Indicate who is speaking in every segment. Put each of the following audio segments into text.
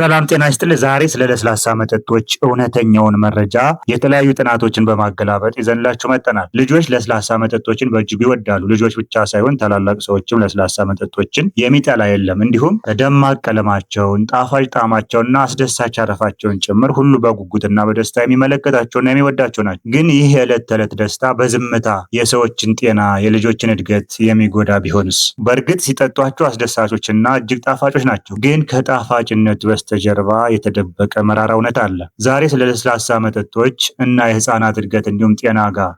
Speaker 1: ሰላም ጤና ይስጥል። ዛሬ ስለ ለስላሳ መጠጦች እውነተኛውን መረጃ የተለያዩ ጥናቶችን በማገላበጥ ይዘንላችሁ መጠናል። ልጆች ለስላሳ መጠጦችን በእጅጉ ይወዳሉ። ልጆች ብቻ ሳይሆን ታላላቅ ሰዎችም ለስላሳ መጠጦችን የሚጠላ የለም። እንዲሁም ደማቅ ቀለማቸውን፣ ጣፋጭ ጣዕማቸውንና አስደሳች አረፋቸውን ጭምር ሁሉ በጉጉትና በደስታ የሚመለከታቸውና የሚወዳቸው ናቸው። ግን ይህ የዕለት ተዕለት ደስታ በዝምታ የሰዎችን ጤና፣ የልጆችን እድገት የሚጎዳ ቢሆንስ? በእርግጥ ሲጠጧቸው አስደሳቾችና እጅግ ጣፋጮች ናቸው። ግን ከጣፋጭነት በስተ በስተጀርባ የተደበቀ መራራ እውነት አለ። ዛሬ ስለ ለስላሳ መጠጦች እና የህፃናት እድገት እንዲሁም ጤና ጋር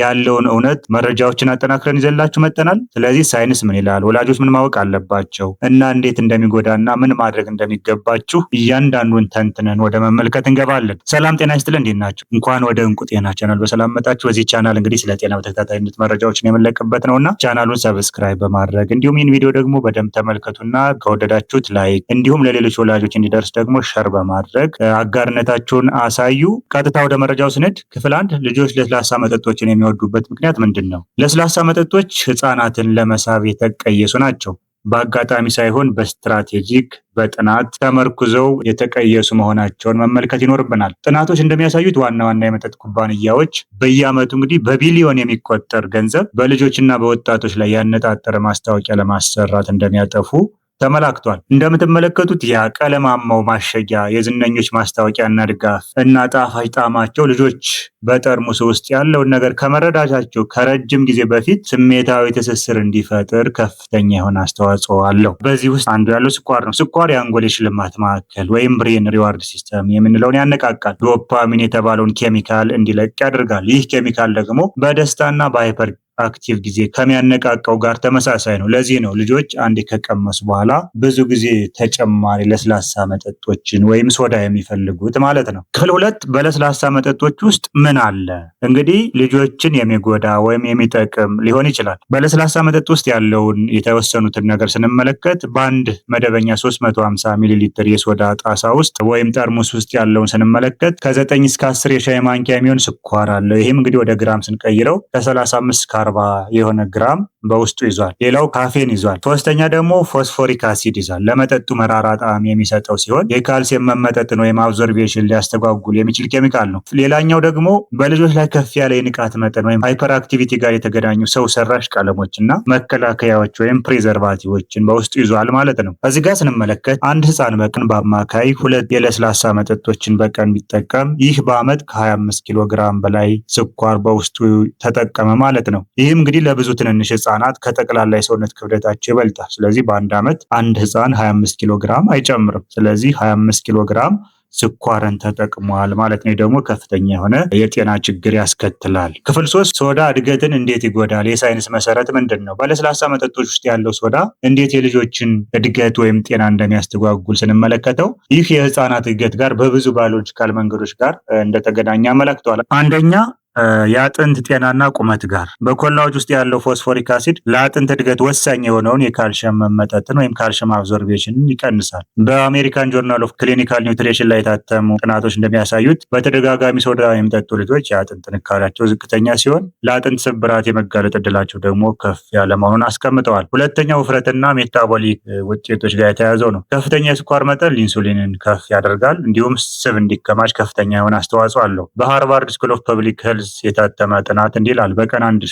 Speaker 1: ያለውን እውነት መረጃዎችን አጠናክረን ይዘላችሁ መጠናል። ስለዚህ ሳይንስ ምን ይላል፣ ወላጆች ምን ማወቅ አለባቸው እና እንዴት እንደሚጎዳና ምን ማድረግ እንደሚገባችሁ እያንዳንዱን ተንትነን ወደ መመልከት እንገባለን። ሰላም ጤና ይስጥል፣ እንዴት ናቸው? እንኳን ወደ እንቁ ጤና ቻናል በሰላም መጣችሁ። በዚህ ቻናል እንግዲህ ስለ ጤና በተከታታይነት መረጃዎችን ነው ነውና ቻናሉን ሰብስክራይብ በማድረግ እንዲሁም ይህን ቪዲዮ ደግሞ በደንብ ተመልከቱና ከወደዳችሁት ላይክ እንዲሁም ለሌሎች ወላጆች እንዲደርስ ደግሞ ሸር በማድረግ አጋርነታችሁን አሳዩ። ቀጥታ ወደ መረጃው ስንድ ክፍል አንድ ልጆች ለስላሳ መጠጦችን የሚወዱበት ምክንያት ምንድን ነው? ለስላሳ መጠጦች ህፃናትን ለመሳብ የተቀየሱ ናቸው። በአጋጣሚ ሳይሆን በስትራቴጂክ በጥናት ተመርኩዘው የተቀየሱ መሆናቸውን መመልከት ይኖርብናል። ጥናቶች እንደሚያሳዩት ዋና ዋና የመጠጥ ኩባንያዎች በየዓመቱ እንግዲህ በቢሊዮን የሚቆጠር ገንዘብ በልጆችና በወጣቶች ላይ ያነጣጠረ ማስታወቂያ ለማሰራት እንደሚያጠፉ ተመላክቷል። እንደምትመለከቱት የቀለማማው ማሸጊያ የዝነኞች ማስታወቂያና ድጋፍ እና ጣፋጭ ጣዕማቸው ልጆች በጠርሙስ ውስጥ ያለውን ነገር ከመረዳታቸው ከረጅም ጊዜ በፊት ስሜታዊ ትስስር እንዲፈጥር ከፍተኛ የሆነ አስተዋጽኦ አለው። በዚህ ውስጥ አንዱ ያለው ስኳር ነው። ስኳር የአንጎል የሽልማት ማዕከል ወይም ብሬን ሪዋርድ ሲስተም የምንለውን ያነቃቃል። ዶፓሚን የተባለውን ኬሚካል እንዲለቅ ያደርጋል። ይህ ኬሚካል ደግሞ በደስታና በሃይፐር አክቲቭ ጊዜ ከሚያነቃቀው ጋር ተመሳሳይ ነው። ለዚህ ነው ልጆች አንዴ ከቀመሱ በኋላ ብዙ ጊዜ ተጨማሪ ለስላሳ መጠጦችን ወይም ሶዳ የሚፈልጉት ማለት ነው። ክፍል ሁለት በለስላሳ መጠጦች ውስጥ ምን አለ? እንግዲህ ልጆችን የሚጎዳ ወይም የሚጠቅም ሊሆን ይችላል። በለስላሳ መጠጥ ውስጥ ያለውን የተወሰኑትን ነገር ስንመለከት በአንድ መደበኛ 350 ሚሊ ሊትር የሶዳ ጣሳ ውስጥ ወይም ጠርሙስ ውስጥ ያለውን ስንመለከት ከ9 እስከ 10 የሻይ ማንኪያ የሚሆን ስኳር አለው። ይህም እንግዲህ ወደ ግራም ስንቀይረው ከ35 አርባ የሆነ ግራም በውስጡ ይዟል። ሌላው ካፌን ይዟል። ሶስተኛ ደግሞ ፎስፎሪክ አሲድ ይዟል። ለመጠጡ መራራ ጣዕም የሚሰጠው ሲሆን የካልሲየም መመጠጥን ወይም አብዞርቬሽን ሊያስተጓጉል የሚችል ኬሚካል ነው። ሌላኛው ደግሞ በልጆች ላይ ከፍ ያለ የንቃት መጠን ወይም ሃይፐር አክቲቪቲ ጋር የተገናኙ ሰው ሰራሽ ቀለሞች እና መከላከያዎች ወይም ፕሪዘርቫቲቮችን በውስጡ ይዟል ማለት ነው። እዚህ ጋር ስንመለከት አንድ ህፃን በቀን በአማካይ ሁለት የለስላሳ መጠጦችን በቀን ቢጠቀም ይህ በአመት ከ25 ኪሎ ግራም በላይ ስኳር በውስጡ ተጠቀመ ማለት ነው። ይህም እንግዲህ ለብዙ ትንንሽ ህፃ ህጻናት ከጠቅላላ የሰውነት ክብደታቸው ይበልጣል። ስለዚህ በአንድ ዓመት አንድ ህፃን 25 ኪሎ ግራም አይጨምርም። ስለዚህ 25 ኪሎ ግራም ስኳርን ተጠቅሟል ማለት ነው። ደግሞ ከፍተኛ የሆነ የጤና ችግር ያስከትላል። ክፍል ሶስት ሶዳ እድገትን እንዴት ይጎዳል? የሳይንስ መሰረት ምንድን ነው? በለስላሳ መጠጦች ውስጥ ያለው ሶዳ እንዴት የልጆችን እድገት ወይም ጤና እንደሚያስተጓጉል ስንመለከተው ይህ የህፃናት እድገት ጋር በብዙ ባዮሎጂካል መንገዶች ጋር እንደተገናኘ አመላክተዋል። አንደኛ የአጥንት ጤናና ቁመት ጋር በኮላዎች ውስጥ ያለው ፎስፎሪክ አሲድ ለአጥንት እድገት ወሳኝ የሆነውን የካልሽየም መመጠጥን ወይም ካልሽየም አብዞርቬሽንን ይቀንሳል። በአሜሪካን ጆርናል ኦፍ ክሊኒካል ኒውትሪሽን ላይ የታተሙ ጥናቶች እንደሚያሳዩት በተደጋጋሚ ሶዳ የሚጠጡ ልጆች የአጥንት ጥንካሬያቸው ዝቅተኛ ሲሆን፣ ለአጥንት ስብራት የመጋለጥ እድላቸው ደግሞ ከፍ ያለ መሆኑን አስቀምጠዋል። ሁለተኛው ውፍረትና ሜታቦሊክ ውጤቶች ጋር የተያያዘው ነው። ከፍተኛ የስኳር መጠን ኢንሱሊንን ከፍ ያደርጋል፣ እንዲሁም ስብ እንዲከማች ከፍተኛ የሆነ አስተዋጽኦ አለው። በሃርቫርድ ስኩል ኦፍ ፐብሊክ ሄልዝ በናልስ የታተመ ጥናት እንዲህ ይላል። በቀን አንድ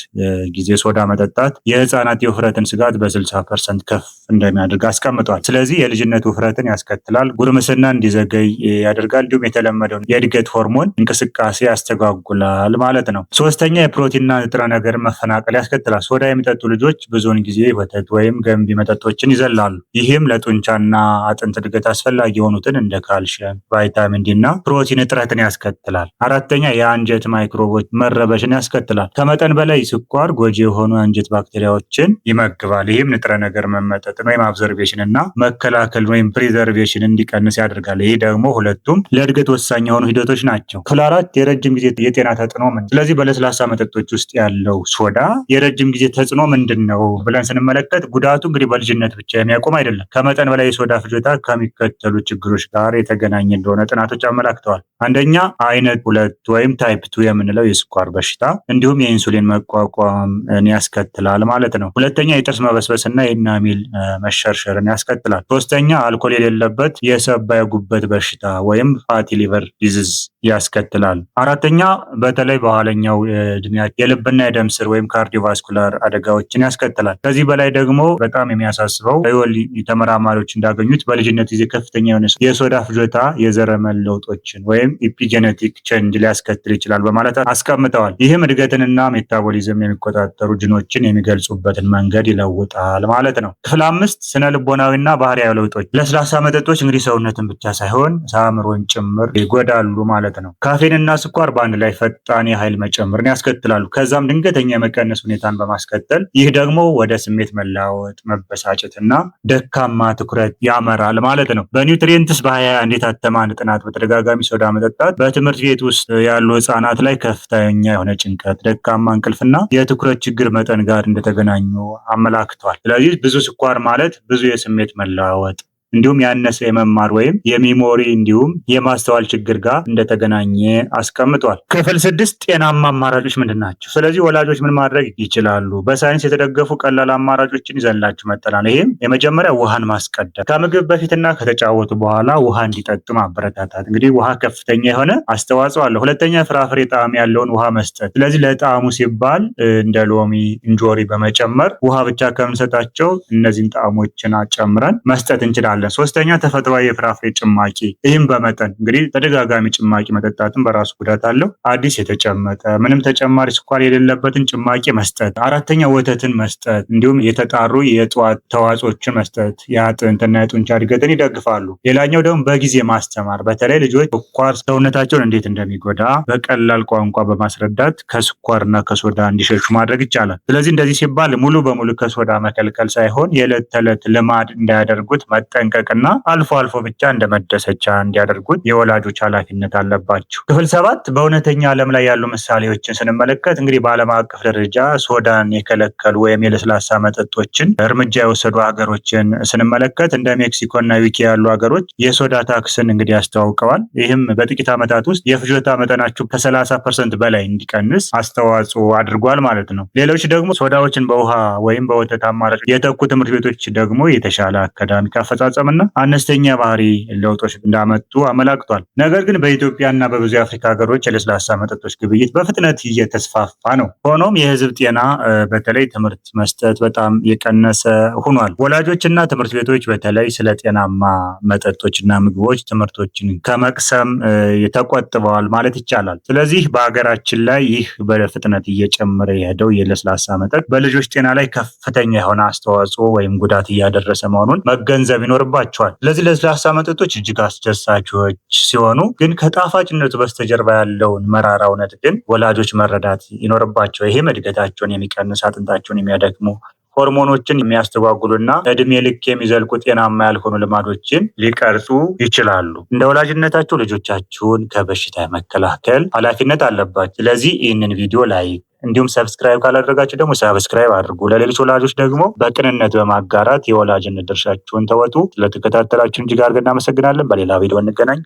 Speaker 1: ጊዜ ሶዳ መጠጣት የህፃናት የውፍረትን ስጋት በ60 ፐርሰንት ከፍ እንደሚያደርግ አስቀምጧል። ስለዚህ የልጅነት ውፍረትን ያስከትላል፣ ጉርምስና እንዲዘገይ ያደርጋል፣ እንዲሁም የተለመደውን የእድገት ሆርሞን እንቅስቃሴ ያስተጓጉላል ማለት ነው። ሶስተኛ የፕሮቲንና ንጥረ ነገር መፈናቀል ያስከትላል። ሶዳ የሚጠጡ ልጆች ብዙውን ጊዜ ወተት ወይም ገንቢ መጠጦችን ይዘላሉ። ይህም ለጡንቻና አጥንት እድገት አስፈላጊ የሆኑትን እንደ ካልሽየም፣ ቫይታሚን ዲ እና ፕሮቲን እጥረትን ያስከትላል። አራተኛ የአንጀት ማይክሮቦ ሰዎች መረበሽን ያስከትላል። ከመጠን በላይ ስኳር ጎጂ የሆኑ አንጀት ባክቴሪያዎችን ይመግባል። ይህም ንጥረ ነገር መመጠጥን ወይም አብዘርቬሽን እና መከላከል ወይም ፕሪዘርቬሽን እንዲቀንስ ያደርጋል። ይህ ደግሞ ሁለቱም ለእድገት ወሳኝ የሆኑ ሂደቶች ናቸው። ክፍል አራት የረጅም ጊዜ የጤና ተጽዕኖ ምን? ስለዚህ በለስላሳ መጠጦች ውስጥ ያለው ሶዳ የረጅም ጊዜ ተጽዕኖ ምንድን ነው ብለን ስንመለከት ጉዳቱ እንግዲህ በልጅነት ብቻ የሚያቆም አይደለም። ከመጠን በላይ የሶዳ ፍጆታ ከሚከተሉ ችግሮች ጋር የተገናኘ እንደሆነ ጥናቶች አመላክተዋል። አንደኛ አይነት ሁለት ወይም ታይፕ ቱ የምንለው የስኳር በሽታ እንዲሁም የኢንሱሊን መቋቋምን ያስከትላል ማለት ነው። ሁለተኛ የጥርስ መበስበስና የኢናሚል መሸርሸርን ያስከትላል። ሶስተኛ አልኮል የሌለበት የሰባ የጉበት በሽታ ወይም ፋቲ ሊቨር ዲዚዝ ያስከትላል። አራተኛ በተለይ በኋለኛው እድሜያት የልብና የደም ስር ወይም ካርዲዮቫስኩላር አደጋዎችን ያስከትላል። ከዚህ በላይ ደግሞ በጣም የሚያሳስበው ወል ተመራማሪዎች እንዳገኙት በልጅነት ጊዜ ከፍተኛ የሆነ የሶዳ ፍጆታ የዘረመን ለውጦችን ወይም ኢፒጄኔቲክ ቼንጅ ሊያስከትል ይችላል በማለት አስቀምጠዋል። ይህም እድገትንና ሜታቦሊዝም የሚቆጣጠሩ ጅኖችን የሚገልጹበትን መንገድ ይለውጣል ማለት ነው። ክፍል አምስት ስነ ልቦናዊና ባህሪያዊ ለውጦች። ለስላሳ መጠጦች እንግዲህ ሰውነትን ብቻ ሳይሆን ሳምሮን ጭምር ይጎዳሉ ማለት ማለት ነው። ካፌንና ስኳር በአንድ ላይ ፈጣን የኃይል መጨመርን ያስከትላሉ። ከዛም ድንገተኛ የመቀነስ ሁኔታን በማስከተል ይህ ደግሞ ወደ ስሜት መለዋወጥ፣ መበሳጨት እና ደካማ ትኩረት ያመራል ማለት ነው። በኒውትሪየንትስ በሀያ አንድ የታተመ አንድ ጥናት በተደጋጋሚ ሶዳ መጠጣት በትምህርት ቤት ውስጥ ያሉ ህጻናት ላይ ከፍተኛ የሆነ ጭንቀት፣ ደካማ እንቅልፍና የትኩረት ችግር መጠን ጋር እንደተገናኙ አመላክቷል። ስለዚህ ብዙ ስኳር ማለት ብዙ የስሜት መለዋወጥ እንዲሁም ያነሰ የመማር ወይም የሚሞሪ እንዲሁም የማስተዋል ችግር ጋር እንደተገናኘ አስቀምጧል። ክፍል ስድስት ጤናማ አማራጮች ምንድን ናቸው? ስለዚህ ወላጆች ምን ማድረግ ይችላሉ? በሳይንስ የተደገፉ ቀላል አማራጮችን ይዘንላችሁ መጠናል። ይህም የመጀመሪያ ውሃን ማስቀደም፣ ከምግብ በፊትና ከተጫወቱ በኋላ ውሃ እንዲጠጡ ማበረታታት። እንግዲህ ውሃ ከፍተኛ የሆነ አስተዋጽኦ አለው። ሁለተኛ ፍራፍሬ ጣዕም ያለውን ውሃ መስጠት። ስለዚህ ለጣዕሙ ሲባል እንደ ሎሚ፣ እንጆሪ በመጨመር ውሃ ብቻ ከምንሰጣቸው እነዚህን ጣዕሞችን ጨምረን መስጠት እንችላለን። አለ። ሶስተኛ ተፈጥሯዊ የፍራፍሬ ጭማቂ፣ ይህም በመጠን እንግዲህ ተደጋጋሚ ጭማቂ መጠጣትም በራሱ ጉዳት አለው። አዲስ የተጨመጠ ምንም ተጨማሪ ስኳር የሌለበትን ጭማቂ መስጠት። አራተኛ ወተትን መስጠት፣ እንዲሁም የተጣሩ የእጽዋት ተዋጽኦችን መስጠት የአጥንትና የጡንቻ እድገትን ይደግፋሉ። ሌላኛው ደግሞ በጊዜ ማስተማር፣ በተለይ ልጆች ስኳር ሰውነታቸውን እንዴት እንደሚጎዳ በቀላል ቋንቋ በማስረዳት ከስኳርና ከሶዳ እንዲሸሹ ማድረግ ይቻላል። ስለዚህ እንደዚህ ሲባል ሙሉ በሙሉ ከሶዳ መከልከል ሳይሆን የዕለት ተዕለት ልማድ እንዳያደርጉት መጠን መጠንቀቅና አልፎ አልፎ ብቻ እንደ መደሰቻ እንዲያደርጉት የወላጆች ኃላፊነት አለባቸው። ክፍል ሰባት በእውነተኛ ዓለም ላይ ያሉ ምሳሌዎችን ስንመለከት እንግዲህ በዓለም አቀፍ ደረጃ ሶዳን የከለከሉ ወይም የለስላሳ መጠጦችን እርምጃ የወሰዱ ሀገሮችን ስንመለከት እንደ ሜክሲኮ እና ያሉ ሀገሮች የሶዳ ታክስን እንግዲህ አስተዋውቀዋል። ይህም በጥቂት ዓመታት ውስጥ የፍጆታ መጠናቸው ከ30 ፐርሰንት በላይ እንዲቀንስ አስተዋጽኦ አድርጓል ማለት ነው። ሌሎች ደግሞ ሶዳዎችን በውሃ ወይም በወተት አማራጭ የተኩ ትምህርት ቤቶች ደግሞ የተሻለ አካዳሚክ አፈጻጸም መፈጸምና አነስተኛ ባህሪ ለውጦች እንዳመጡ አመላክቷል። ነገር ግን በኢትዮጵያና በብዙ የአፍሪካ ሀገሮች የለስላሳ መጠጦች ግብይት በፍጥነት እየተስፋፋ ነው። ሆኖም የህዝብ ጤና በተለይ ትምህርት መስጠት በጣም የቀነሰ ሆኗል። ወላጆችና ትምህርት ቤቶች በተለይ ስለ ጤናማ መጠጦችና ምግቦች ትምህርቶችን ከመቅሰም ተቆጥበዋል ማለት ይቻላል። ስለዚህ በሀገራችን ላይ ይህ በፍጥነት እየጨመረ የሄደው የለስላሳ መጠጥ በልጆች ጤና ላይ ከፍተኛ የሆነ አስተዋጽኦ ወይም ጉዳት እያደረሰ መሆኑን መገንዘብ ይኖርባል። ይቀርብባቸዋል። ለዚህ ለስላሳ መጠጦች እጅግ አስደሳቾች ሲሆኑ ግን ከጣፋጭነቱ በስተጀርባ ያለውን መራራ እውነት ግን ወላጆች መረዳት ይኖርባቸው። ይሄ እድገታቸውን የሚቀንስ አጥንታቸውን የሚያደክሙ ሆርሞኖችን የሚያስተጓጉሉና እድሜ ልክ የሚዘልቁ ጤናማ ያልሆኑ ልማዶችን ሊቀርጹ ይችላሉ። እንደ ወላጅነታቸው ልጆቻችሁን ከበሽታ መከላከል ኃላፊነት አለባቸው። ስለዚህ ይህንን ቪዲዮ ላይ እንዲሁም ሰብስክራይብ ካላደረጋችሁ ደግሞ ሰብስክራይብ አድርጉ። ለሌሎች ወላጆች ደግሞ በቅንነት በማጋራት የወላጅነት ድርሻችሁን ተወጡ። ስለተከታተላችሁን እጅግ አድርገን እናመሰግናለን። በሌላ ቪዲዮ እንገናኝ።